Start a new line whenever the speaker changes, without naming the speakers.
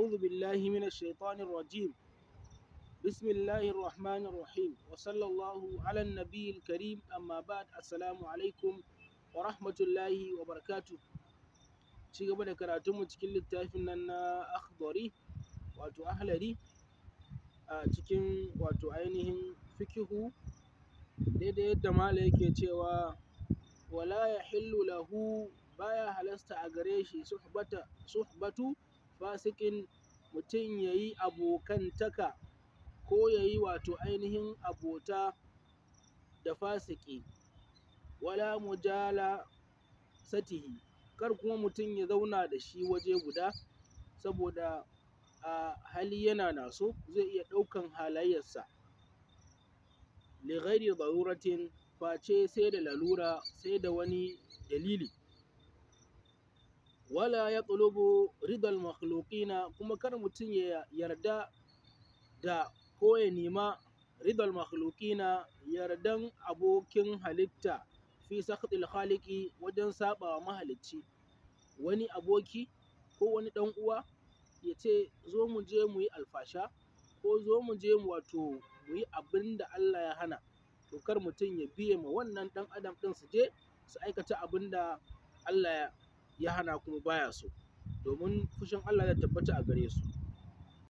أعوذ بالله من الشيطان الرجيم بسم الله الرحمن الرحيم وصلى الله على النبي الكريم أما بعد السلام عليكم ورحمة الله وبركاته ci gaba da karatunmu cikin littafin nan na akhdari cikin wato ainihin fikihu daidai yadda mala yake cewa wala ya hillu lahu baya halasta a gare shi suhbatu fasikin mutum ya yi abokantaka ko ya yi wato ainihin abota da fasiki wala mujala satihi kar kuma mutum ya zauna da shi waje guda saboda a hali yana naso zai iya ɗaukan halayyarsa li ghairi daruratin face sai da lalura sai da wani dalili wala ya tsulubu ridal makhlukina kuma kar mutum ya yarda da ko ya nema ridal makhlukina yardan abokin halitta fi sakhdil khaliqi wajen saba wa mahalicci wani aboki ko wani dan uwa ya ce zo mu je mu yi alfasha ko zo mu je mu wato mu yi abin Allah ya hana to kar mutum ya biye ma wannan dan adam din su je su aikata abinda Allah ya ya hana kuma baya so domin fushin Allah zai tabbata a gare su